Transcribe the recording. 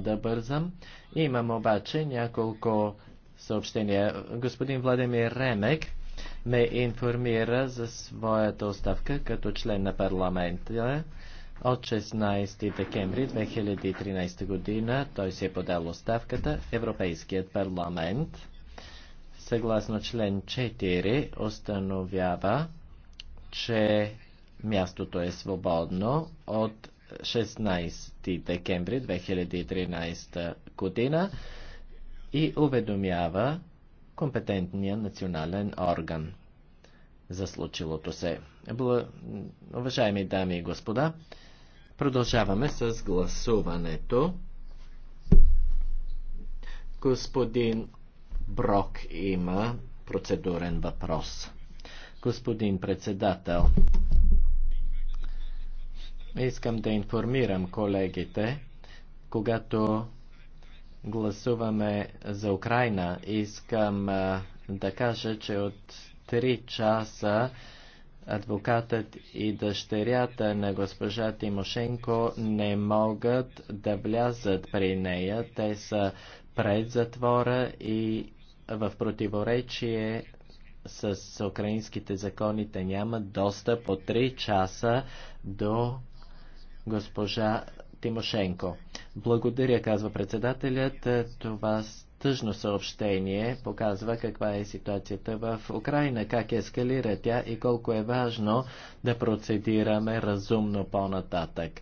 да бързам. Имам обаче няколко съобщения. Господин Владимир Ремек ме информира за своята оставка като член на парламента от 16 декември 2013 година. Той си е подал оставката. в Европейският парламент съгласно член 4 установява, че мястото е свободно от 16 декември 2013 година и уведомява компетентния национален орган за случилото се. Бл... Уважаеми дами и господа, продължаваме с гласуването. Господин Брок има процедурен въпрос. Господин председател, Искам да информирам колегите, когато гласуваме за Украина, искам да кажа, че от 3 часа адвокатът и дъщерята на госпожа Тимошенко не могат да влязат при нея. Те са пред затвора и в противоречие с украинските закони те нямат достъп от 3 часа до госпожа Тимошенко. Благодаря, казва председателят. Това тъжно съобщение показва каква е ситуацията в Украина, как ескалира тя и колко е важно да процедираме разумно по-нататък.